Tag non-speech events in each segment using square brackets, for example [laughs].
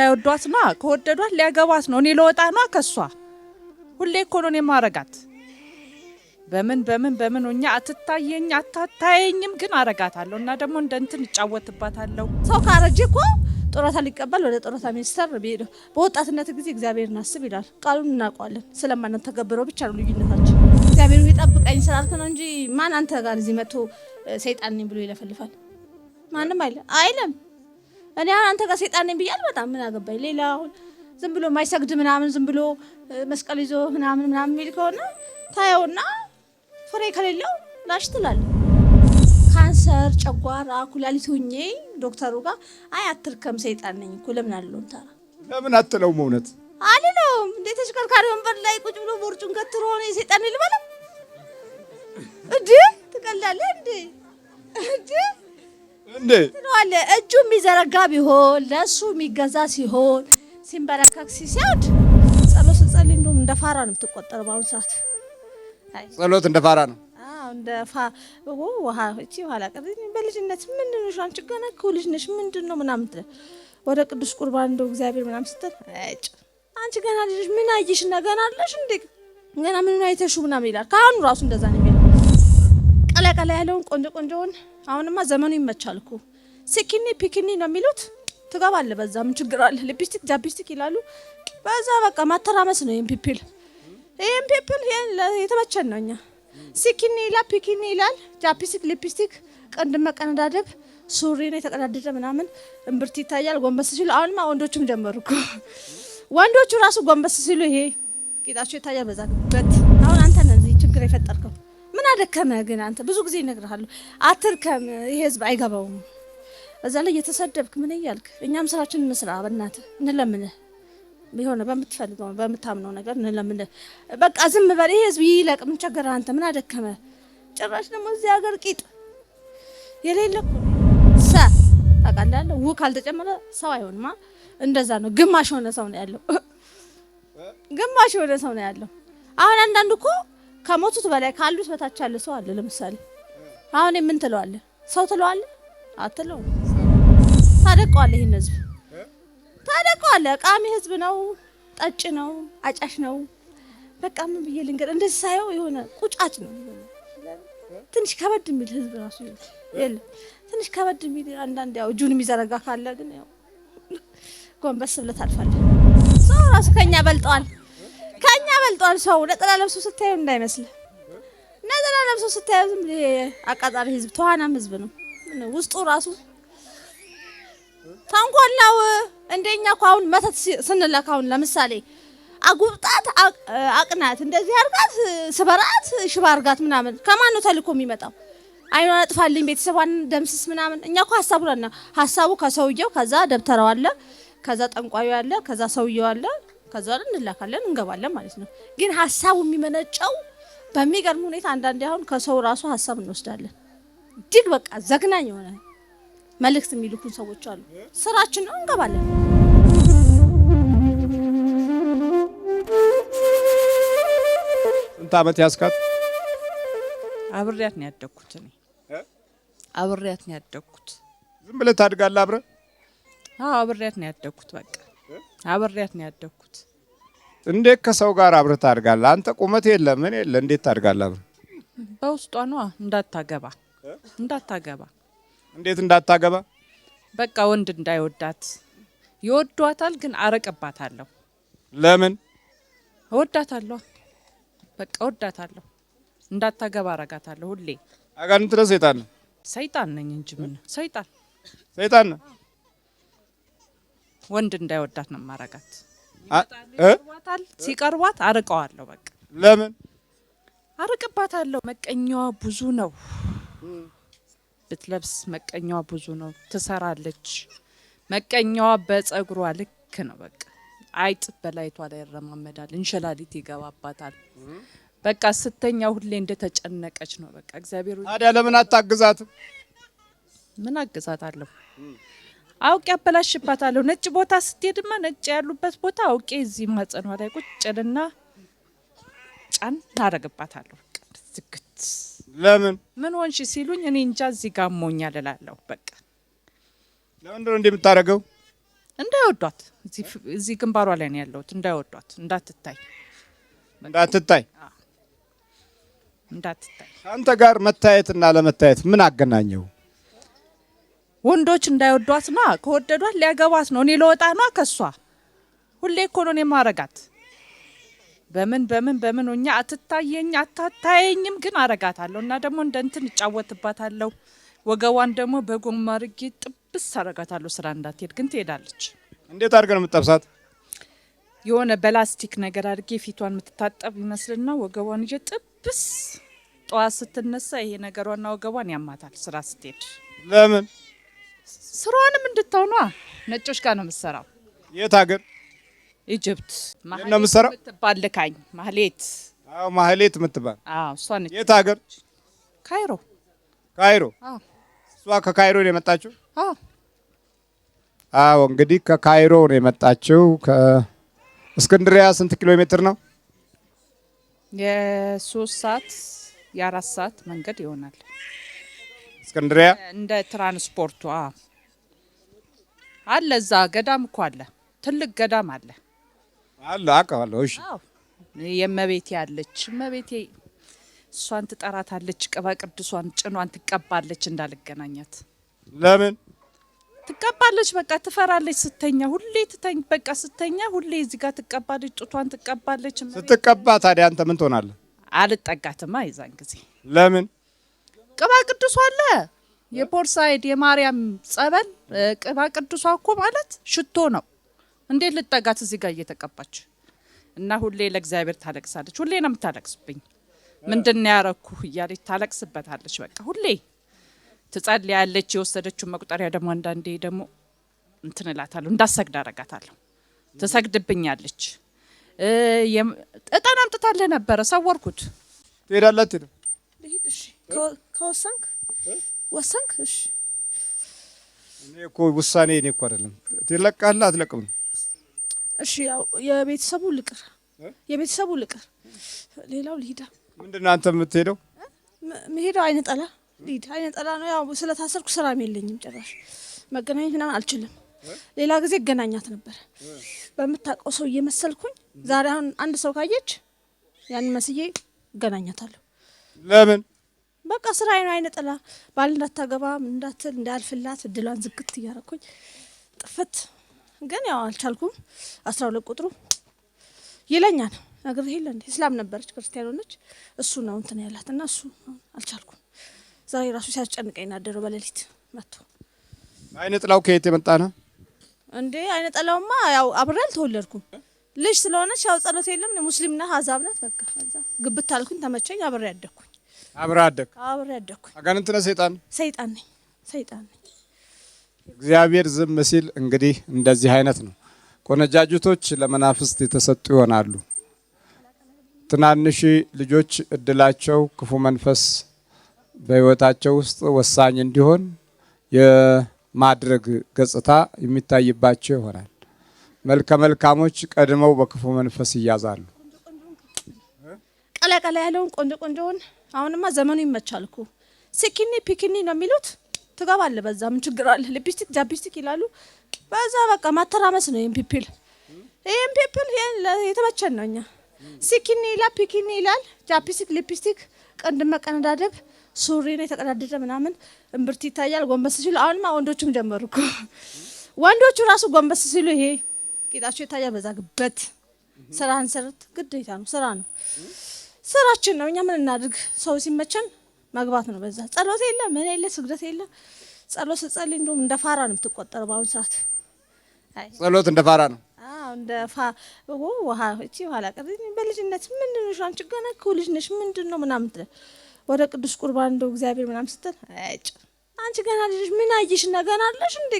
እንዳይወዷት ና ከወደዷት ሊያገባት ነው። እኔ ለወጣ ና ከሷ ሁሌ እኮ ነው እኔ ማረጋት በምን በምን በምን እኛ አትታየኝ አታታየኝም፣ ግን አረጋታለሁ እና ደግሞ እንደ እንትን እጫወትባታለሁ። ሰው ካረጀ እኮ ጡረታ ሊቀበል ወደ ጡረታ ሚኒስተር በወጣትነት ጊዜ እግዚአብሔርን አስብ ይላል። ቃሉን እናውቀዋለን፣ ስለማንም ተገብረው ብቻ ነው ልዩነታችን። እግዚአብሔር ይጠብቀኝ ስላልክ ነው እንጂ ማን አንተ ጋር እዚህ መጥቶ ሰይጣን ብሎ ይለፈልፋል? ማንም አይለም አይለም። እኔ አሁን አንተ ጋር ሴጣን ነኝ ብያል። በጣም ምን አገባኝ። ሌላ አሁን ዝም ብሎ የማይሰግድ ምናምን ዝም ብሎ መስቀል ይዞ ምናምን ምናምን የሚል ከሆነ ታየውና ፍሬ ከሌለው ላሽ ትላል። ካንሰር፣ ጨጓራ፣ ኩላሊት ሁኜ ዶክተሩ ጋር አይ አትርከም ሰይጣን ነኝ እኮ ለምን አለው ታ ለምን አትለውም? እውነት አልለውም እንዴ? ተሽከርካሪ ወንበር ላይ ቁጭ ብሎ ቦርጩን ገትሮ ሆነ የሰይጣን ልበለም። እንዴ? ትቀላለህ እንዴ? እንዴ ትለዋለህ። እጁ የሚዘረጋ ቢሆን ለእሱ የሚገዛ ሲሆን ሲንበረከክ ሲሲያድ ጸሎት ስጸልይ እንደውም እንደ ፋራ ነው የምትቆጠረው። በአሁኑ ሰዓት ጸሎት እንደ ፋራ ነው በልጅነት ምንድን ነሽ አንቺ ገና እኮ ልጅ ነሽ ምንድን ነው ምናምን ወደ ቅዱስ ቁርባን እንደው እግዚአብሔር ምናምን ስትል አንቺ ገና ልጅ ምን አየሽ እና ገና አለሽ እንደ ገና ምኑን አይተሽው ምናምን ይላል። ከአሁኑ ራሱ እንደዛ ነው። ቀላ ቀላ ያለውን ቆንጆ ቆንጆውን አሁንማ ዘመኑ ይመቻልኩ። ሲኪኒ ፒኪኒ ነው የሚሉት ትገባለ። በዛ ምን ችግር አለ? ሊፕስቲክ ጃፕስቲክ ይላሉ። በዛ በቃ ማተራመስ ነው። ይሄን ፒፕል ይሄን ፒፕል የተመቸን ነው እኛ። ሲኪኒ ይላል፣ ፒኪኒ ይላል፣ ጃፕስቲክ፣ ሊፕስቲክ፣ ቅንድም መቀነዳደብ፣ ሱሪ ነው የተቀዳደደ ምናምን እምብርት ይታያል ጎንበስ ሲሉ። አሁንማ ወንዶቹም ጀመሩኩ። ወንዶቹ ራሱ ጎንበስ ሲሉ ይሄ ጌጣቸው ይታያል። በዛ በት አሁን አንተ ነህ እዚህ ችግር የፈጠርከው። ምን አደከመ። ግን አንተ ብዙ ጊዜ ይነግርሃሉ አትርከም፣ ይሄ ህዝብ አይገባውም። እዛ ላይ እየተሰደብክ ምን እያልክ፣ እኛም ስራችን እንስራ። በእናት እንለምንህ፣ የሆነ በምትፈልገው በምታምነው ነገር እንለምን በቃ ዝም በል፣ ይሄ ህዝብ ይለቅ። ምን ቸገረህ አንተ? ምን አደከመ? ጭራሽ ደግሞ እዚህ ሀገር ቂጥ የሌለ ሰ ታውቃለህ፣ ው ካልተጨመረ ሰው አይሆንማ። እንደዛ ነው። ግማሽ የሆነ ሰው ነው ያለው፣ [laughs] ግማሽ የሆነ ሰው ነው ያለው። አሁን አንዳንዱ እኮ ከሞቱት በላይ ካሉት በታች ያለ ሰው አለ። ለምሳሌ አሁን ምን ትለዋለህ? ሰው ትለዋለህ? አትለው? ታደቀዋለ። ይህን ህዝብ ታደቀዋለ። ቃሚ ህዝብ ነው፣ ጠጭ ነው፣ አጫሽ ነው። በቃ ምን ብዬ ልንገር፣ እንደዚህ ሳየው የሆነ ቁጫጭ ነው። ትንሽ ከበድ የሚል ህዝብ ራሱ የለ። ትንሽ ከበድ የሚል አንዳንድ ያው እጁን የሚዘረጋ ካለ ግን ያው ጎንበስ ብለህ አልፋለ። ሰው ራሱ ከኛ በልጠዋል። ከኛ በልጧል። ሰው ነጠላ ለብሶ ስታየው እንዳይመስል ነጠላ ለብሶ ስታዩ ዝም አቃጣሪ ህዝብ፣ ተዋናም ህዝብ ነው ውስጡ ራሱ ተንኮል እንደኛ እኮ አሁን መተት ስንለካ አሁን ለምሳሌ አጉብጣት፣ አቅናት፣ እንደዚህ አርጋት፣ ስበራት፣ ሽባ አርጋት ምናምን ከማን ነው ተልእኮ የሚመጣው? አይኗን አጥፋልኝ፣ ቤተሰቧን ደምስስ ምናምን። እኛ እኮ ሀሳቡ ሀሳቡ ከሰውየው ከዛ ደብተራው አለ፣ ከዛ ጠንቋዩ አለ፣ ከዛ ሰውየው አለ ከዛ እንላካለን እንገባለን ማለት ነው። ግን ሀሳቡ የሚመነጨው በሚገርም ሁኔታ አንዳንዴ አሁን ከሰው ራሱ ሀሳብ እንወስዳለን። እጅግ በቃ ዘግናኝ የሆነ መልእክት የሚልኩን ሰዎች አሉ። ስራችን ነው እንገባለን። ስንት አመት ያስካት? አብሬያት ነው ያደግኩት እኔ አብሬያት ነው ያደግኩት። ዝም ብለህ ታድጋለህ አብረህ? አዎ አብሬያት ነው ያደግኩት በቃ አብሬያት ነው ያደግኩት። እንዴት ከሰው ጋር አብረህ ታድጋለህ? አንተ ቁመት የለ ምን የለ እንዴት ታድጋለህ? በውስጧ ነዋ። እንዳታገባ እንዳታገባ። እንዴት እንዳታገባ? በቃ ወንድ እንዳይወዳት። ይወዷታል፣ ግን አረቀባታለሁ። ለምን? እወዳታለሁ፣ በቃ እወዳታለሁ። እንዳታገባ አረጋታለሁ። ሁሌ አጋንንት ነው። ሰይጣን ነው። ሰይጣን ነኝ እንጂ ምን ሰይጣን ሰይጣን ነው። ወንድ እንዳይወዳት ነው ማረጋት። ይቀርቧታል ሲቀርቧት አርቀዋለሁ። በቃ ለምን አርቅባታለሁ? መቀኛዋ ብዙ ነው። ብትለብስ መቀኛዋ ብዙ ነው። ትሰራለች። መቀኛዋ በጸጉሯ ልክ ነው። በቃ አይጥ በላይቷ ላይ ይረማመዳል። እንሽላሊት ይገባባታል። በቃ ስተኛ ሁሌ እንደተጨነቀች ነው። በቃ እግዚአብሔር ታዲያ ለምን አታግዛትም? ምን አግዛት አውቄ አበላሽባታለሁ። ነጭ ቦታ ስትሄድማ ነጭ ያሉበት ቦታ አውቄ እዚህ ማጸኗ ላይ ቁጭልና ጫን ታደርግባታለሁ። ዝግት ለምን ምን ሆንሽ ሲሉኝ እኔ እንጃ እዚህ ጋር ሞኛል እላለሁ። በቃ ለምንድነው እንዲህ የምታደርገው? እንዳይወዷት እዚህ ግንባሯ ላይ ነው ያለሁት። እንዳይወዷት፣ እንዳትታይ፣ እንዳትታይ፣ እንዳትታይ። አንተ ጋር መታየትና ለመታየት ምን አገናኘው? ወንዶች እንዳይወዷት ና ከወደዷት ሊያገባት ነው። እኔ ለወጣ ና ከሷ ሁሌ እኮ ነው እኔ ማረጋት በምን በምን በምን ኛ አትታየኝ አታታየኝም፣ ግን አረጋታለሁ እና ደግሞ እንደ እንትን እጫወትባታለሁ። ወገቧን ደግሞ በጎማ አድርጌ ጥብስ አረጋታለሁ። ስራ እንዳትሄድ ግን ትሄዳለች። እንዴት አድርገ ነው የምጠብሳት? የሆነ በላስቲክ ነገር አድርጌ ፊቷን የምትታጠብ ይመስልና ወገቧን ይዤ ጥብስ። ጠዋት ስትነሳ ይሄ ነገሯና ወገቧን ያማታል ስራ ስትሄድ ለምን ስራዋንም እንድታውኗ ነጮች ጋር ነው የምትሰራው። የት ሀገር? ኢጅፕት ነው የምትባል ልካኝ ማህሌት። አዎ ማህሌት የምትባል አዎ። እሷ ነች። የት ሀገር? ካይሮ። ካይሮ? አዎ። እሷ ከካይሮ ነው የመጣችው? አዎ። አዎ እንግዲህ ከካይሮ ነው የመጣችው። ከእስክንድሪያ ስንት ኪሎ ሜትር ነው? የሶስት ሰዓት የአራት ሰዓት መንገድ ይሆናል። እስክንድሪያ እንደ ትራንስፖርቱ አለ። እዛ ገዳም እኮ አለ፣ ትልቅ ገዳም አለ አለ አውቀዋለሁ። እሺ የእመቤቴ ያለች እመቤቴ እሷን ትጠራታለች። ቅባ ቅዱሷን ጭኗን ትቀባለች እንዳልገናኛት። ለምን ትቀባለች? በቃ ትፈራለች። ስተኛ ሁሌ ትተኝ በቃ ስተኛ ሁሌ እዚህ ጋር ትቀባለች፣ ጡቷን ትቀባለች። ስትቀባ ታዲያ አንተ ምን ትሆናለህ? አልጠጋትማ የዛን ጊዜ ለምን ቅባ ቅዱሷ አለ የፖርሳይድ የማርያም ጸበል ቅባ ቅዱሷ እኮ ማለት ሽቶ ነው። እንዴት ልጠጋት እዚህ ጋር እየተቀባች እና ሁሌ ለእግዚአብሔር ታለቅሳለች። ሁሌ ነው የምታለቅስብኝ። ምንድን ያረኩ እያለች ታለቅስበታለች። በቃ ሁሌ ትጸልያለች። የወሰደችውን መቁጠሪያ ደግሞ አንዳንዴ ደግሞ እንትንላታለሁ እንዳሰግድ አረጋታለሁ። ትሰግድብኛለች። እጣን ነበረ ሰወርኩት። ትሄዳላት እሺ ከወሰንክ ወሰንክ። እሺ እኔ እኮ ውሳኔ እኔ እኮ አይደለም። ትለቃለህ አትለቅም? እሺ ያው የቤተሰቡ ልቅር የቤተሰቡ ልቅር፣ ሌላው ልሂዳ። ምንድን ነው አንተ የምትሄደው? መሄደው አይነ ጠላ ልሂድ። አይነ ጠላ ነው ያው ስለታሰርኩ ስራም የለኝም ጭራሽ መገናኘት ምናምን አልችልም። ሌላ ጊዜ እገናኛት ነበር በምታውቀው ሰው እየመሰልኩኝ። ዛሬ አሁን አንድ ሰው ካየች ያን መስዬ እገናኛታለሁ። ለምን በቃ ስራ ነው። አይነ ጥላ ባል እንዳታገባ እንዳትል እንዳልፍላት እድሏን ዝግት እያረኩኝ ጥፍት ግን ያው አልቻልኩም። አስራ ሁለት ቁጥሩ ይለኛል ነገር ይሄ እስላም ነበረች ክርስቲያን ሆነች። እሱ ነው እንትን ያላት እና እሱ አልቻልኩም። ዛሬ ራሱ ሲያስጨንቀኝ ናደረው በሌሊት መጥቶ አይነ ጥላው ከየት የመጣ ነው እንዴ? አይነ ጥላውማ ያው አብሬ አልተወለድኩም ልጅ ስለሆነች ያው ጸሎት የለም ሙስሊም ነህ አዛብ ናት። በቃ ግብት አልኩኝ፣ ተመቸኝ፣ አብሬ ያደግኩኝ አብረህ አደግክ? አብረህ አደግኩ። ሰይጣን? ሰይጣን ነኝ። ሰይጣን ነኝ። እግዚአብሔር ዝም ሲል እንግዲህ እንደዚህ አይነት ነው። ቆነጃጅቶች ለመናፍስት የተሰጡ ይሆናሉ። ትናንሽ ልጆች እድላቸው ክፉ መንፈስ በህይወታቸው ውስጥ ወሳኝ እንዲሆን የማድረግ ገጽታ የሚታይባቸው ይሆናል። መልከ መልካሞች ቀድመው በክፉ መንፈስ ይያዛሉ። ቀለቀለ ያለውን ቆንጆ ቆንጆውን አሁንማ ዘመኑ ይመቻል እኮ ስኪኒ ፒኪኒ ነው የሚሉት። ትገባለህ በዛ ምን ችግር አለ? ሊፕስቲክ ጃፕስቲክ ይላሉ። በዛ በቃ ማተራመስ ነው ይህን ፒፕል ይህን ፒፕል የተመቸን ነው እኛ። ስኪኒ ይላል ፒኪኒ ይላል ጃፕስቲክ ሊፕስቲክ፣ ቀንድ መቀነዳደብ፣ ሱሪ ነው የተቀዳደደ ምናምን እምብርት ይታያል ጎንበስ ሲሉ። አሁንማ ወንዶቹም ጀመሩ እኮ ወንዶቹ ራሱ ጎንበስ ሲሉ ይሄ ጌጣቸው ይታያል። በዛ ግበት ስራህን ስርት ግዴታ ነው ስራ ነው ስራችን ነው። እኛ ምን እናድርግ? ሰው ሲመቸን መግባት ነው። በዛ ጸሎት የለ ምን የለ ስግደት የለ። ጸሎት ስጸል እንደውም እንደ ፋራ ነው የምትቆጠረው። በአሁኑ ሰዓት ጸሎት እንደ ፋራ ነው። እንደ ውሃ እቺ ኋላ ቀር በልጅነት ምንድን ነው አንቺ ገና እኮ ልጅ ነሽ ምንድን ነው ምናምን ትለ ወደ ቅዱስ ቁርባን እንደው እግዚአብሔር ምናምን ስትል አጭ አንቺ ገና ልጅ ምን አየሽ እና ገና አለሽ እንዴ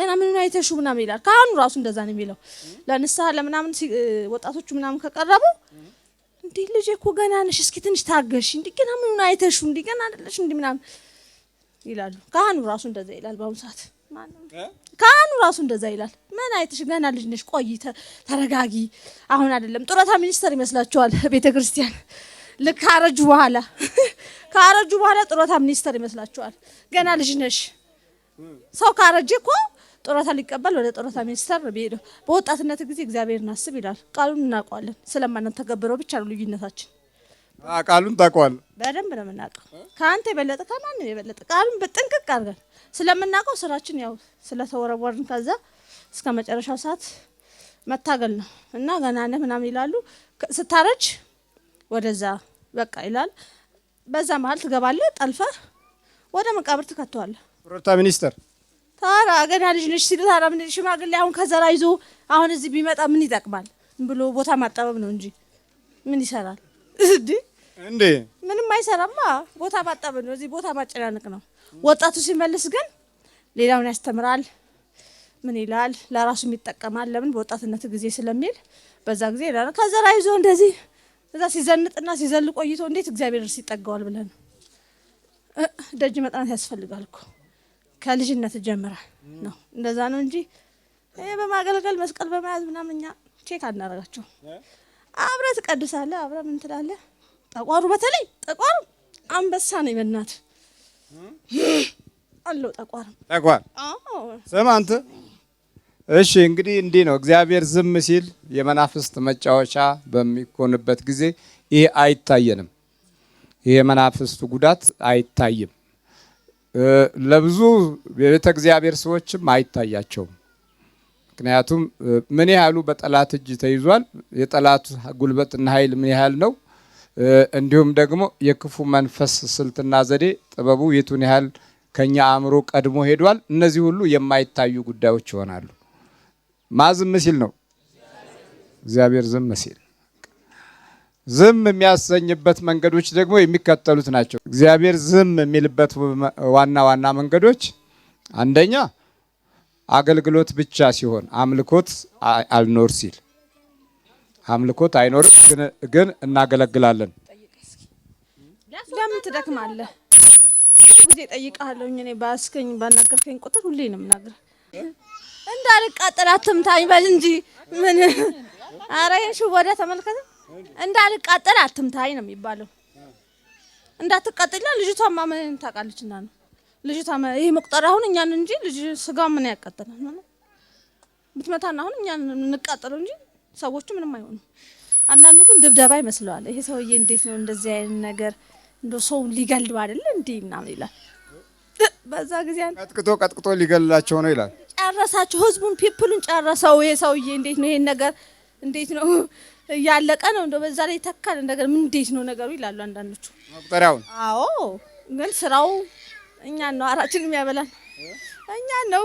ገና ምን አይተሹ ምናምን ይላል። ካህኑ ራሱ እንደዛ ነው የሚለው ለንስሐ ለምናምን ወጣቶቹ ምናምን ከቀረቡ እንዴ ልጄ እኮ ገና ነሽ፣ እስኪ ትንሽ ታገሽ፣ እንዲ ገና ምኑን አይተሹ፣ እንዲ ገና አይደለሽ፣ እንዲ ምናምን ይላሉ። ካህኑ ራሱ እንደዛ ይላል። በአሁኑ ሰዓት ካህኑ ራሱ እንደዛ ይላል። ምን አይተሽ ገና ልጅ ነሽ፣ ቆይ ተረጋጊ። አሁን አይደለም ጡረታ ሚኒስተር ይመስላችኋል ቤተ ክርስቲያን ልክ ካረጁ በኋላ [laughs] ካረጁ በኋላ ጡረታ ሚኒስተር ይመስላችኋል። ገና ልጅ ነሽ። ሰው ካረጀ እኮ ጡረታ ሊቀበል ወደ ጡረታ ሚኒስቴር ሄደው በወጣትነት ጊዜ እግዚአብሔር አስብ ይላል። ቃሉን እናውቀዋለን፣ ተገብረው ብቻ ነው ልዩነታችን። ቃሉን ታውቀዋል በደንብ ነው የምናውቀው። ከአንተ የበለጠ ከማንም የበለጠ ቃሉን በጥንቅቅ አድርገን ስለምናውቀው ስራችን ያው ስለተወረወርን ከዛ እስከ መጨረሻው ሰዓት መታገል ነው እና ገና ነህ ምናምን ይላሉ። ስታረጅ ወደዛ በቃ ይላል። በዛ መሀል ትገባለህ ጠልፈህ ወደ መቃብር ትከተዋለህ። ጡረታ ሚኒስቴር ታራ ገና ልጅ ነሽ ሲል ታራ ምን ሽማግሌ አሁን ከዘራ ይዞ አሁን እዚህ ቢመጣ ምን ይጠቅማል ብሎ ቦታ ማጠበብ ነው እንጂ ምን ይሰራል? እንዴ እንዴ ምንም አይሰራማ። ቦታ ማጠበብ ነው፣ እዚህ ቦታ ማጨናነቅ ነው። ወጣቱ ሲመልስ ግን ሌላውን ያስተምራል። ምን ይላል? ለራሱም ይጠቀማል። ለምን በወጣትነት ጊዜ ስለሚል በዛ ጊዜ ይላል። ከዘራ ይዞ እንደዚህ እዛ ሲዘንጥና ሲዘል ቆይቶ እንዴት እግዚአብሔር ሲጠጋዋል ብለን ደጅ መጥናት ያስፈልጋል እኮ ከልጅነት ጀምረ ነው እንደዛ ነው እንጂ በማገልገል መስቀል በመያዝ ምናምን እኛ ቼክ አናደርጋቸው። አብረ ትቀድሳለ፣ አብረ ምን ትላለ። ጠቋሩ በተለይ ጠቋሩ አንበሳ ነው ይበናት አለው ጠቋር ጠቋር ስም አንተ እሺ። እንግዲህ እንዲህ ነው እግዚአብሔር ዝም ሲል የመናፍስት መጫወቻ በሚኮንበት ጊዜ ይሄ አይታየንም። ይሄ የመናፍስቱ ጉዳት አይታይም። ለብዙ የቤተ እግዚአብሔር ሰዎችም አይታያቸውም። ምክንያቱም ምን ያህሉ በጠላት እጅ ተይዟል፣ የጠላት ጉልበትና ኃይል ምን ያህል ነው፣ እንዲሁም ደግሞ የክፉ መንፈስ ስልትና ዘዴ ጥበቡ የቱን ያህል ከኛ አእምሮ ቀድሞ ሄዷል። እነዚህ ሁሉ የማይታዩ ጉዳዮች ይሆናሉ። ማ ሲል ነው? እግዚአብሔር ዝም ሲል ዝም የሚያሰኝበት መንገዶች ደግሞ የሚከተሉት ናቸው። እግዚአብሔር ዝም የሚልበት ዋና ዋና መንገዶች አንደኛ አገልግሎት ብቻ ሲሆን አምልኮት አልኖር ሲል አምልኮት አይኖርም፣ ግን እናገለግላለን። ለምን ትደክማለህ? ብዙ ጊዜ ጠይቃለሁ። እኔ በአስከኝ ባናገርከኝ ቁጥር ሁሌ ነው ምናገር እንዳልቃጠል አትምታኝ በል እንጂ ምን አረ ወደ ተመልከተ እንዳልቃጠል አትምታይ ነው የሚባለው። እንዳትቃጠል ልጅቷ ማመን ታውቃለች እና ነው ልጅቷ ይሄ መቁጠር አሁን እኛን እንጂ ልጅ ስጋ ምን ያቃጠላል ማለት ብትመታና አሁን እኛን እንቃጠለው እንጂ ሰዎቹ ምንም አይሆኑ። አንዳንዱ ግን ድብደባ ይመስለዋል። ይሄ ሰውዬ እንዴት ነው እንደዚህ አይነት ነገር እንደ ሰው ሊገልብ አይደለ እንዴ ምናምን ይላል። በዛ ጊዜ ቀጥቅጦ ቀጥቅጦ ሊገልላቸው ነው ይላል። ጨረሳቸው፣ ህዝቡን ፒፕሉን ጨረሰው። ይሄ ሰውዬ እንዴት ነው ይሄን ነገር እንዴት ነው እያለቀ ነው። እንደው በዛ ላይ ይተካል እንደገና ምን እንዴት ነው ነገሩ ይላሉ አንዳንዶቹ መቁጠሪያውን። አዎ ግን ስራው እኛን ነው አራችን የሚያበላን እኛን ነው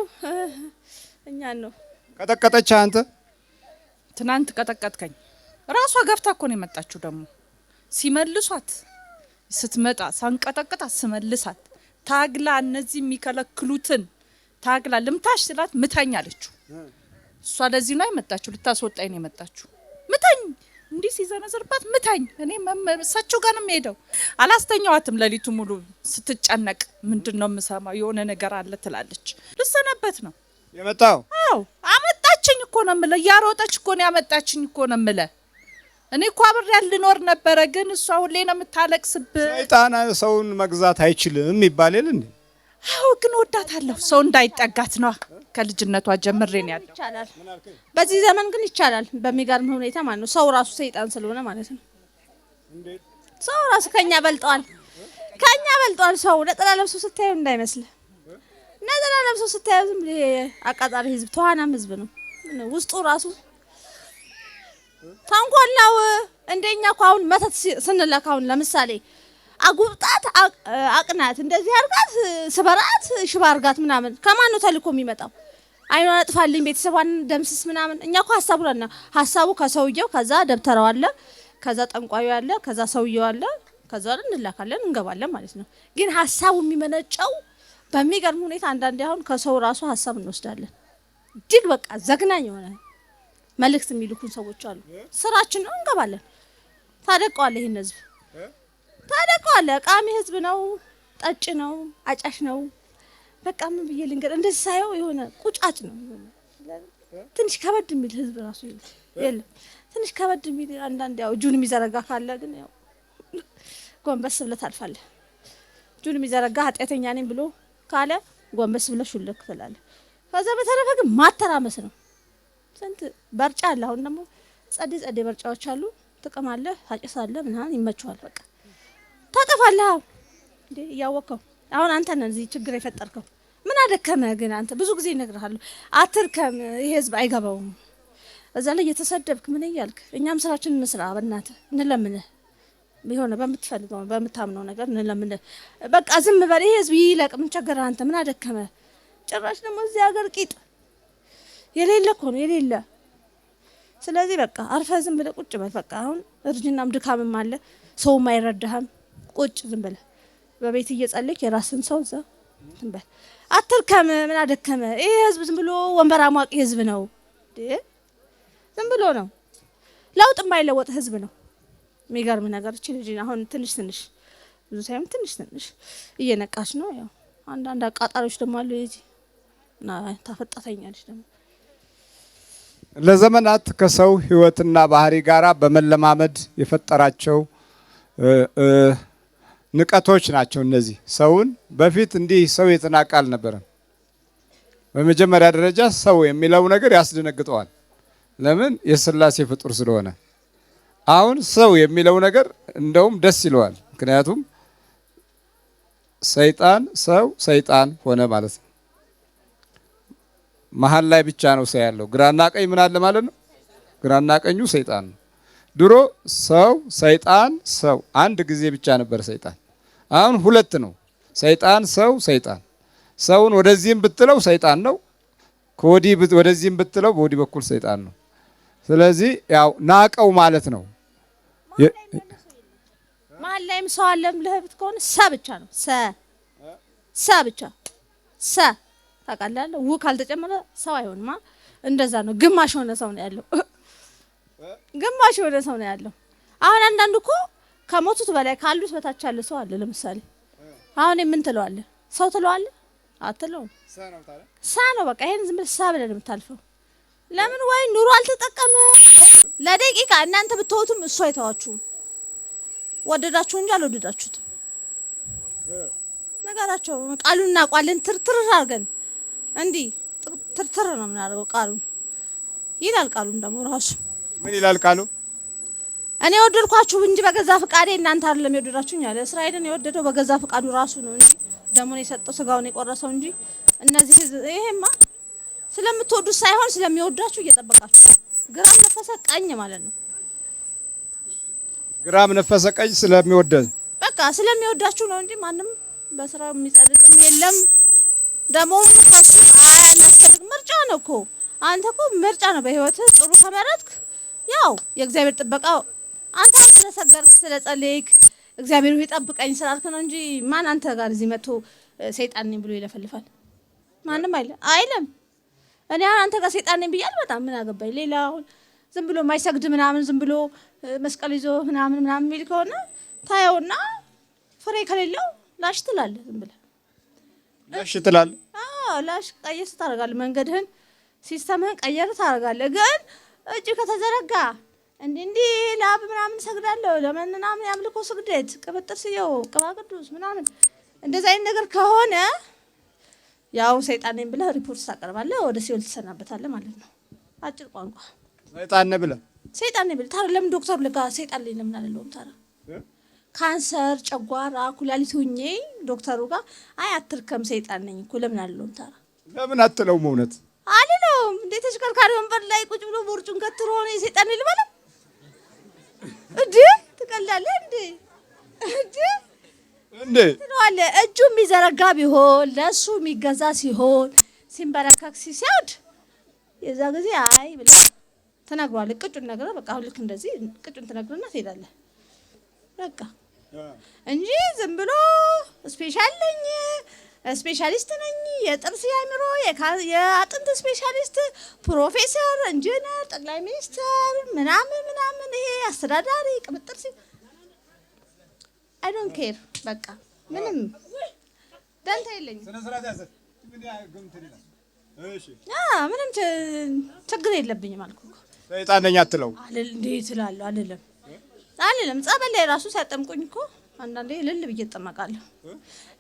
እኛን ነው። ቀጠቀጠች። አንተ ትናንት ቀጠቀጥከኝ። ራሷ ገፍታ እኮ ነው የመጣችው ደግሞ ሲመልሷት ስትመጣ ሳንቀጠቅጣት ስመልሳት ታግላ እነዚህ የሚከለክሉትን ታግላ ልምታሽ ስላት ምታኝ አለችው። እሷ ለዚህ ነው የመጣችሁ፣ ልታስወጣኝ ነው የመጣችሁ ምታኝ እንዲህ ሲዘነዝርባት ምታኝ። እኔ እሳቸው ጋር ነው የምሄደው። አላስተኛዋትም። ሌሊቱ ሙሉ ስትጨነቅ ምንድን ነው የምሰማው የሆነ ነገር አለ ትላለች። ልሰነበት ነው የመጣው። አዎ አመጣችኝ እኮ ነው የምልህ። እያሮጠች እኮ ነው ያመጣችኝ እኮ ነው የምልህ። እኔ እኮ አብሬያት ልኖር ነበረ፣ ግን እሷ ሁሌ ነው የምታለቅስብህ። ሰይጣን ሰውን መግዛት አይችልም ይባል የለ እንዴ? አዎ ግን ወዳታለሁ። ሰው እንዳይጠጋት ነዋ ከልጅነቷ ጀምሬ ያለው ይቻላል። በዚህ ዘመን ግን ይቻላል በሚገርም ሁኔታ ማለት ነው። ሰው ራሱ ሰይጣን ስለሆነ ማለት ነው። ሰው ራሱ ከኛ በልጠዋል፣ ከኛ በልጠዋል። ሰው ነጠላ ለብሶ ስታዩ እንዳይመስል ነጠላ ለብሶ ስታዩ ዝም ብሎ አቃጣሪ ህዝብ፣ ተዋናም ህዝብ ነው ውስጡ ራሱ ተንኮላው እንደኛ እኮ አሁን መተት ስንለካ አሁን ለምሳሌ አጉብጣት፣ አቅናት፣ እንደዚህ አርጋት፣ ስበራት፣ ሽባ አርጋት ምናምን ከማን ነው ተልእኮ የሚመጣው? አይኗን አጥፋልኝ፣ ቤተሰቧን ደምስስ ምናምን። እኛ እኮ ሀሳቡ ለና ሀሳቡ ከሰውየው ከዛ ደብተራው አለ፣ ከዛ ጠንቋዩ አለ፣ ከዛ ሰውየው አለ፣ ከዛ እንላካለን እንገባለን ማለት ነው። ግን ሀሳቡ የሚመነጨው በሚገርም ሁኔታ አንዳንዴ አሁን ከሰው ራሱ ሀሳብ እንወስዳለን። እጅግ በቃ ዘግናኝ የሆነ መልእክት የሚልኩን ሰዎች አሉ። ስራችን ነው እንገባለን። ታደቀዋለ፣ ይህን ህዝብ ታደቀዋለ። ቃሚ ህዝብ ነው፣ ጠጭ ነው፣ አጫሽ ነው። በቃ ምን ብዬ ልንገር፣ እንደዚህ ሳየው የሆነ ቁጫጭ ነው። ትንሽ ከበድ የሚል ህዝብ ራሱ የለም። ትንሽ ከበድ የሚል አንዳንድ ያው እጁን የሚዘረጋ ካለ ግን ያው ጎንበስ ብለህ ታልፋለህ። እጁን የሚዘረጋ ኃጢአተኛ ነኝ ብሎ ካለ ጎንበስ ብለህ ሹልክ ትላለህ። ከዛ በተረፈ ግን ማተራመስ ነው። ስንት በርጫ አለ። አሁን ደግሞ ጸዴ ጸዴ በርጫዎች አሉ። ጥቅም አለ፣ ታጭሳለህ፣ ምናምን ይመችዋል። በቃ ታጠፋለህ እንዴ እያወቀው አሁን አንተ ነህ እዚህ ችግር የፈጠርከው። ምን አደከመ ግን አንተ? ብዙ ጊዜ ይነግርሃለሁ፣ አትርከም፣ ይሄ ህዝብ አይገባውም። እዛ ላይ የተሰደብክ ምን እያልክ፣ እኛም ስራችን እንስራ፣ በእናትህ እንለምንህ፣ የሆነ በምትፈልገው በምታምነው ነገር እንለምን። በቃ ዝም በል፣ ይሄ ህዝብ ይለቅ። ምን ቸገረህ አንተ? ምን አደከመ? ጭራሽ ደግሞ እዚህ ሀገር ቂጥ የሌለ እኮ ነው የሌለ። ስለዚህ በቃ አርፈ ዝም ብለ ቁጭ በል። በቃ አሁን እርጅናም ድካምም አለ፣ ሰውም አይረዳህም። ቁጭ ዝም ብለህ በቤት እየጸለይክ የራስን ሰው እዛ ትንበል አትልከም። ምን አደከመ? ይሄ ህዝብ ዝም ብሎ ወንበር አሟቂ ህዝብ ነው። ዝም ብሎ ነው። ለውጥ የማይለወጥ ህዝብ ነው። የሚገርም ነገር እቺ ልጅ አሁን ትንሽ ትንሽ ብዙ ሳይሆን ትንሽ ትንሽ እየነቃች ነው። ያው አንዳንድ አቃጣሪዎች ደግሞ አሉ። ይዚ ታፈጣተኛለች ደግሞ ለዘመናት ከሰው ህይወትና ባህሪ ጋራ በመለማመድ የፈጠራቸው ንቀቶች ናቸው። እነዚህ ሰውን በፊት እንዲህ ሰው የተናቀ አልነበረም። በመጀመሪያ ደረጃ ሰው የሚለው ነገር ያስደነግጠዋል። ለምን? የስላሴ ፍጡር ስለሆነ። አሁን ሰው የሚለው ነገር እንደውም ደስ ይለዋል። ምክንያቱም ሰይጣን ሰው ሰይጣን ሆነ ማለት ነው። መሀል ላይ ብቻ ነው ሰው ያለው። ግራና ቀኝ ምን አለ ማለት ነው? ግራና ቀኙ ሰይጣን ነው። ድሮ ሰው ሰይጣን ሰው አንድ ጊዜ ብቻ ነበር ሰይጣን አሁን ሁለት ነው። ሰይጣን ሰው፣ ሰይጣን ሰውን ወደዚህም ብትለው ሰይጣን ነው። ከወዲህ ወደዚህም ብትለው በወዲህ በኩል ሰይጣን ነው። ስለዚህ ያው ናቀው ማለት ነው። መሀል ላይም ሰው አለም ልህብት ከሆነ ሰ ብቻ ነው። ሰ ሰ ብቻ ሰ ታውቃለህ። ው ካልተጨመረ ሰው አይሆንማ። እንደዛ ነው። ግማሽ የሆነ ሰው ነው ያለው። ግማሽ የሆነ ሰው ነው ያለው። አሁን አንዳንድ እኮ ከሞቱት በላይ ካሉት በታች ያለ ሰው አለ። ለምሳሌ አሁን ምን ትለዋለ? ሰው ትለዋለ አትለውም። ሳ ነው በቃ። ይሄን ዝም ብለህ ሳ ብለህ ነው የምታልፈው። ለምን ወይ ኑሮ አልተጠቀመ ለደቂቃ እናንተ ብትወቱም እሱ አይተዋችሁም። ወደዳችሁ እንጂ አልወደዳችሁትም። ነገራቸው ቃሉን እናውቋለን። ትርትር አድርገን እንዲህ ትርትር ነው የምናደርገው ቃሉን ይላል። ቃሉን ደግሞ ራሱ ምን ይላል ቃሉ እኔ የወደድኳችሁ እንጂ በገዛ ፍቃዴ እናንተ አይደለም የወደዳችሁኝ አለ። እስራኤልን የወደደው በገዛ ፍቃዱ ራሱ ነው እንጂ ደሙን የሰጠው ስጋውን የቆረሰው እንጂ እነዚህ ይሄማ ስለምትወዱት ሳይሆን ስለሚወዳችሁ እየጠበቃችሁ ግራም ነፈሰ ቀኝ ማለት ነው። ግራም ነፈሰ ቀኝ ስለሚወደድ በቃ ስለሚወዳችሁ ነው እንጂ ማንም በስራው የሚጸድቅም የለም። ደሞም ከሱ አያነሰልክ ምርጫ ነው እኮ አንተ እኮ ምርጫ ነው። በህይወትህ ጥሩ ከመረጥክ ያው የእግዚአብሔር ጥበቃ ስለሰገርክ ስለጸለይክ እግዚአብሔር ይጠብቀኝ ስላልክ ነው እንጂ ማን አንተ ጋር እዚህ መጥቶ ሰይጣን ነኝ ብሎ ይለፈልፋል? ማንም አይለ አይለም። እኔ አሁን አንተ ጋር ሰይጣን ነኝ ብያል። በጣም ምን አገባኝ። ሌላ ዝም ብሎ የማይሰግድ ምናምን ዝም ብሎ መስቀል ይዞ ምናምን ምናምን የሚል ከሆነ ታየውና ፍሬ ከሌለው ላሽ ትላለ። ዝም ብለ ላሽ ትላለ። ላሽ ቀየስ ታደርጋለህ። መንገድህን ሲስተምህን ቀየር ታደርጋለህ። ግን እጅ ከተዘረጋ እንዲህ እንዲህ ለአብ ምናምን ሰግዳለሁ ለምን ምናምን ያምልኮ ስግደት ቅብጥር ስየው ቅባ ቅዱስ ምናምን እንደዛ አይነት ነገር ከሆነ ያው ሰይጣን ነኝ ብለህ ሪፖርት ታቀርባለህ፣ ወደ ሲኦል ትሰናበታለህ ማለት ነው። አጭር ቋንቋ ሰይጣን ነኝ ብለህ ሰይጣን ነኝ ብለህ ታዲያ ለምን ዶክተሩ ልጋ ሰይጣን ላይ ለምን አለለውም? ታዲያ ካንሰር፣ ጨጓራ፣ ኩላሊት ሁኜ ዶክተሩ ጋር አይ አትርከም ሰይጣን ነኝ እኮ ለምን አለለውም? ታዲያ ለምን አትለውም? እውነት አልለውም። እንዴት ተሽከርካሪ ወንበር ላይ ቁጭ ብሎ ቦርጩን ገትሮ ሆነ የሰይጣን ልበለም እንዴ ትቀላለህ እንዴ እንዴ እንዴ ትለዋለህ። እጁ የሚዘረጋ ቢሆን ለእሱ የሚገዛ ሲሆን ሲንበረከክ ሲሲያድ የዛ ጊዜ አይ ብለህ ትነግሯለህ። ቅጩን ነግረህ በቃ ልክ እንደዚህ ቅጩን ትነግርና ትሄዳለህ በቃ እንጂ ዝም ብሎ ስፔሻል ነኝ ስፔሻሊስት ነኝ፣ የጥርስ የአእምሮ፣ የአጥንት ስፔሻሊስት፣ ፕሮፌሰር፣ ኢንጂነር፣ ጠቅላይ ሚኒስትር ምናምን ምናምን፣ ይሄ አስተዳዳሪ ቅምጥር ሲ አይ ዶንት ኬር በቃ ምንም ደንታ የለኝም። ምንም ችግር የለብኝም አልኩ። ሰይጣን ነኝ እንዴ ትላለህ? አልልም አልልም። ጸበል ላይ ራሱ ሲያጠምቁኝ እኮ አንዳንዴ እልል ብዬ እጠመቃለሁ።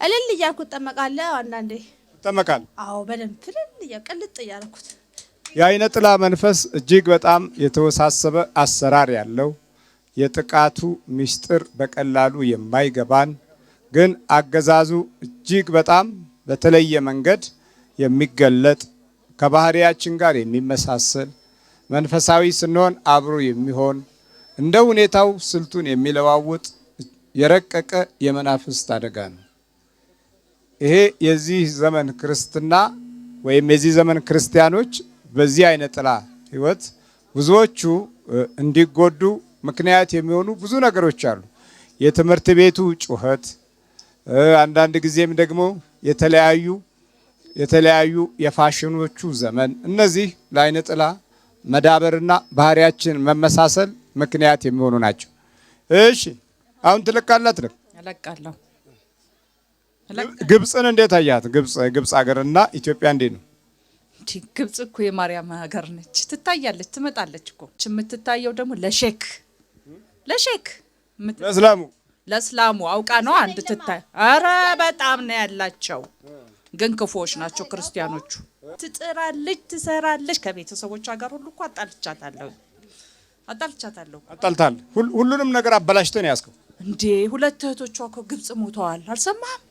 እልል እያልኩ እጠመቃለሁ። አንዳንዴ ይጠመቃል። አዎ በደንብ እልል ቅልጥ እያልኩት የአይነ ጥላ መንፈስ እጅግ በጣም የተወሳሰበ አሰራር ያለው የጥቃቱ ምስጢር በቀላሉ የማይገባን ግን አገዛዙ እጅግ በጣም በተለየ መንገድ የሚገለጥ ከባህሪያችን ጋር የሚመሳሰል መንፈሳዊ ስንሆን አብሮ የሚሆን እንደ ሁኔታው ስልቱን የሚለዋውጥ የረቀቀ የመናፍስት አደጋ ነው። ይሄ የዚህ ዘመን ክርስትና ወይም የዚህ ዘመን ክርስቲያኖች በዚህ አይነት ጥላ ህይወት ብዙዎቹ እንዲጎዱ ምክንያት የሚሆኑ ብዙ ነገሮች አሉ። የትምህርት ቤቱ ጩኸት፣ አንዳንድ ጊዜም ደግሞ የተለያዩ የተለያዩ የፋሽኖቹ ዘመን፣ እነዚህ ለአይነ ጥላ መዳበርና ባህሪያችን መመሳሰል ምክንያት የሚሆኑ ናቸው። እሺ አሁን ትለቃለህ ነው? እለቃለሁ። ግብፅን እንዴት አያት? ግብፅ ግብፅ ሀገርና ኢትዮጵያ እንዴት ነው? ግብጽ እኮ የማርያም ሀገር ነች። ትታያለች፣ ትመጣለች እኮ የምትታየው ደግሞ ለሼክ ለሼክ ለእስላሙ ለእስላሙ አውቃ ነው አንድ ትታይ። አረ በጣም ነው ያላቸው፣ ግን ክፉዎች ናቸው ክርስቲያኖቹ። ትጥራለች፣ ትሰራለች። ከቤተሰቦቿ ጋር ሁሉ እኮ አጣልቻታለሁ፣ አጣልቻታለሁ። አጣልታል። ሁሉንም ነገር አበላሽተን ያስከው እንዴ ሁለት እህቶቿ እኮ ግብጽ ሞተዋል። አልሰማህም?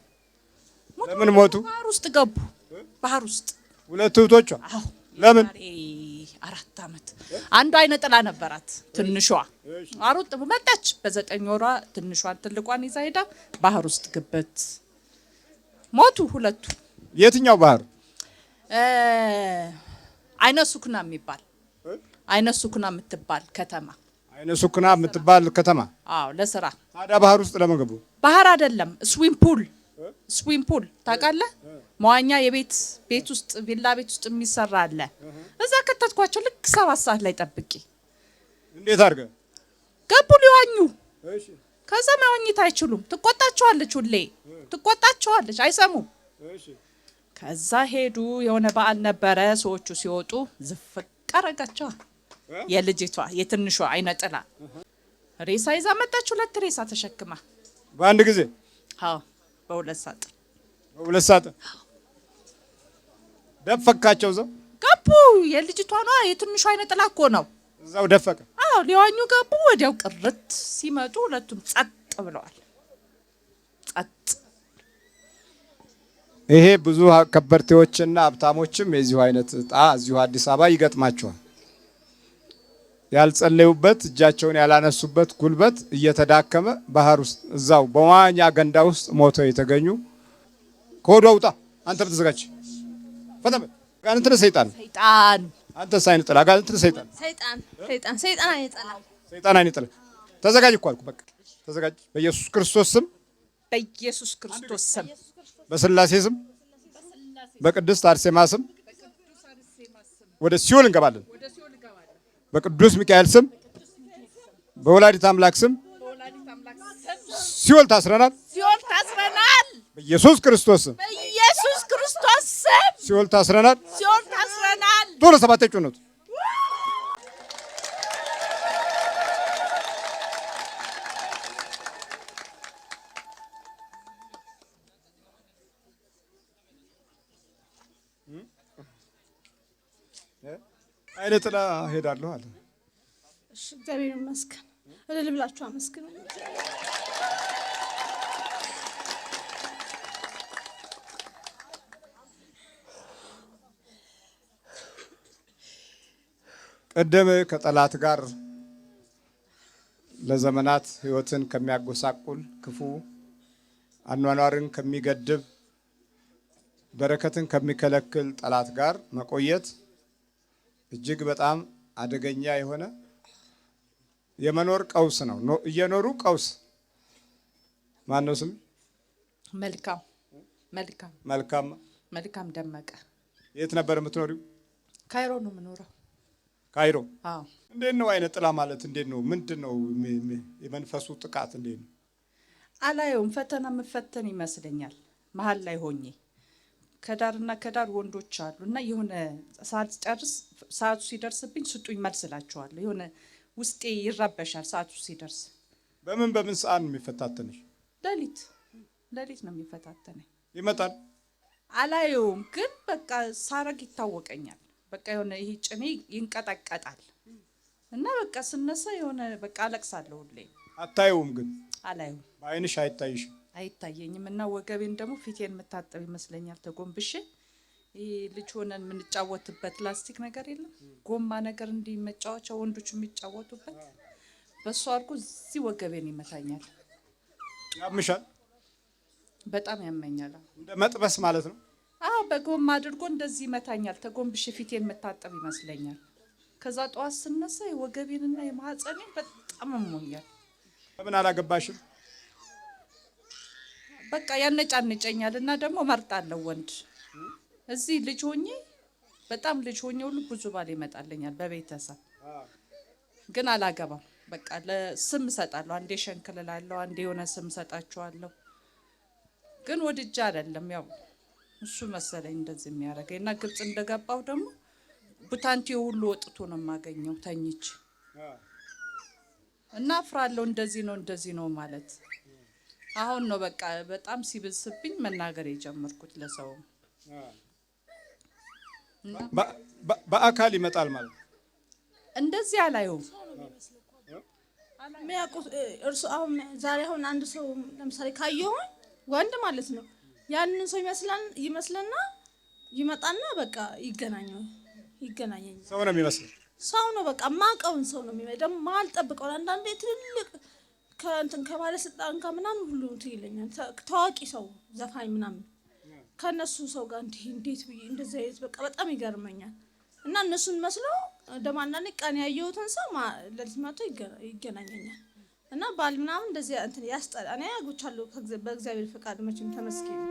ለምን ሞቱ? ባህር ውስጥ ገቡ። ባህር ውስጥ ሁለት እህቶቿ። አዎ ለምን? አራት አመት አንዷ አይነ ጥላ ነበራት። ትንሿ አሩጥ መጣች። በዘጠኝ ወሯ ትንሿን ትልቋን ይዛ ሄዳ ባህር ውስጥ ግበት ሞቱ ሁለቱ። የትኛው ባህር? አይነ የሚባል አይነ የምትባል ከተማ አይነ ሱክና የምትባል ከተማ። አዎ ለስራ ታዲያ ባህር ውስጥ ለመገቡ ባህር አይደለም ስዊም ፑል ስዊም ፑል ታውቃለህ? መዋኛ የቤት ቤት ውስጥ ቪላ ቤት ውስጥ የሚሰራ አለ። እዛ ከተትኳቸው ልክ ሰባት ሰዓት ላይ ጠብቄ እንዴት አድርገ ገቡ ሊዋኙ። ከዛ መዋኘት አይችሉም። ትቆጣቸዋለች፣ ሁሌ ትቆጣቸዋለች፣ አይሰሙም። ከዛ ሄዱ። የሆነ በዓል ነበረ። ሰዎቹ ሲወጡ ዝፍቅ አረጋቸዋል። የልጅቷ የትንሿ አይነ ጥላ ሬሳ ይዛ መጣች። ሁለት ሬሳ ተሸክማ በአንድ ጊዜ አዎ፣ በሁለት ሳጥን በሁለት ሳጥን ደፈካቸው። እዛው ገቡ። የልጅቷ ነው የትንሿ አይነ ጥላ እኮ ነው። እዛው ደፈቀ። አዎ፣ ሊዋኙ ገቡ። ወዲያው ቅርት ሲመጡ ሁለቱም ጸጥ ብለዋል። ጸጥ። ይሄ ብዙ ከበርቴዎችና ሀብታሞችም የዚሁ አይነት ዕጣ እዚሁ አዲስ አበባ ይገጥማቸዋል። ያልጸለዩበት እጃቸውን ያላነሱበት ጉልበት እየተዳከመ ባህር ውስጥ እዛው በመዋኛ ገንዳ ውስጥ ሞተው የተገኙ ከወዶ አውጣ አንተ ተዘጋጅ ፈተም አጋንንትን ሰይጣን ሰይጣን አንተ ሳይን ጥላ አጋንንትን ሰይጣን ሰይጣን ሰይጣን ሰይጣን አይን ጥላ ሰይጣን አይን ጥላ ተዘጋጅ እኮ አልኩ። በቃ ተዘጋጅ። በኢየሱስ ክርስቶስ ስም በኢየሱስ ክርስቶስ ስም በስላሴ ስም በቅድስት አርሴማ ስም ወደ ሲኦል እንገባለን። ወደ በቅዱስ ሚካኤል ስም በወላዲት አምላክ ስም ሲኦል ታስረናል፣ ሲኦል ታስረናል። በኢየሱስ ክርስቶስ ስም፣ በኢየሱስ ክርስቶስ ስም ሲኦል ታስረናል፣ ሲኦል ታስረናል። ቶሎ ሰባቴ ጩኑት። Yeah. አይነ ጥላ ሄዳለሁ አለ። እሺ እግዚአብሔር ይመስገን። እልል ብላችሁ አመስግኑ። ቅድም ከጠላት ጋር ለዘመናት ሕይወትን ከሚያጎሳቁል ክፉ አኗኗርን ከሚገድብ በረከትን ከሚከለክል ጠላት ጋር መቆየት እጅግ በጣም አደገኛ የሆነ የመኖር ቀውስ ነው። እየኖሩ ቀውስ ማን ነው ስም መልካም መልካም መልካም መልካም ደመቀ። የት ነበር የምትኖሪው? ካይሮ ነው የምኖረው። ካይሮ እንዴት ነው አይነ ጥላ ማለት እንዴት ነው? ምንድን ነው የመንፈሱ ጥቃት እንዴት ነው? አላየውም። ፈተና የምፈተን ይመስለኛል መሀል ላይ ሆኜ ከዳር እና ከዳር ወንዶች አሉ እና የሆነ ጨርስ ሰዓቱ ሲደርስብኝ ስጡኝ መልስላቸዋለሁ። የሆነ ውስጤ ይረበሻል ሰዓቱ ሲደርስ። በምን በምን ሰዓት ነው የሚፈታተንሽ? ሌሊት ሌሊት ነው የሚፈታተነኝ። ይመጣል አላየውም፣ ግን በቃ ሳረግ ይታወቀኛል። በቃ የሆነ ይሄ ጭኔ ይንቀጠቀጣል እና በቃ ስነሳ የሆነ በቃ አለቅሳለሁ ሁሌ። አታየውም ግን? አላየውም። በአይንሽ አይታይሽም አይታየኝም እና ወገቤን ደግሞ ፊቴን የምታጠብ ይመስለኛል ተጎንብሼ። ይሄ ልጅ ሆነን የምንጫወትበት ላስቲክ ነገር የለም ጎማ ነገር እንዲህ መጫወቻ ወንዶች የሚጫወቱበት በሱ አድርጎ እዚህ ወገቤን ይመታኛል። ያምሻል፣ በጣም ያመኛል። እንደ መጥበስ ማለት ነው። አዎ በጎማ አድርጎ እንደዚህ ይመታኛል። ተጎንብሽ ፊቴን የምታጠብ ይመስለኛል። ከዛ ጠዋት ስነሳ የወገቤንና የማህፀኔን በጣም እሞኛል። ለምን አላገባሽም? በቃ ያነጫንጨኛል እና ደግሞ መርጣለሁ ወንድ። እዚህ ልጅ ሆኜ በጣም ልጅ ሆኜ ሁሉ ብዙ ባል ይመጣልኛል በቤተሰብ ግን አላገባም። በቃ ለስም እሰጣለሁ። አንዴ ሸንክልላለሁ፣ አንዴ የሆነ ስም እሰጣችኋለሁ። ግን ወድጃ አይደለም። ያው እሱ መሰለኝ እንደዚህ የሚያደርገኝ እና ግብጽ እንደገባው ደግሞ ቡታንቲ ሁሉ ወጥቶ ነው የማገኘው ተኝች እና አፍራለሁ። እንደዚህ ነው እንደዚህ ነው ማለት አሁን ነው በቃ በጣም ሲብስብኝ መናገር የጀመርኩት ለሰው በአካል ይመጣል ማለት እንደዚህ አላየውም። የሚያውቁት እርሱ አሁን ዛሬ አሁን አንድ ሰው ለምሳሌ ካየሁኝ ወንድ ማለት ነው ያንን ሰው ይመስላል ይመስልና ይመጣና በቃ ይገናኛል ይገናኘኛል ሰው ነው የሚመስል ሰው ነው በቃ ማቀውን ሰው ነው የሚመ ደግሞ ማልጠብቀው አንዳንዴ ትልቅ ከእንትን ከባለስልጣን ጋር ምናምን ሁሉ እንትን ይለኛል። ታዋቂ ሰው ዘፋኝ ምናምን ከእነሱ ሰው ጋር እንዲህ እንዴት ብዬ እንደዚህ አይነት በቃ በጣም ይገርመኛል። እና እነሱን መስሎ ደግሞ አንዳንዴ ቀን ያየሁትን ሰው ለሊት መቶ ይገናኘኛል። እና ባል ምናምን እንደዚህ እንትን ያስጠላ። እኔ አግብቻለሁ በእግዚአብሔር ፈቃድ መቼም ተመስገን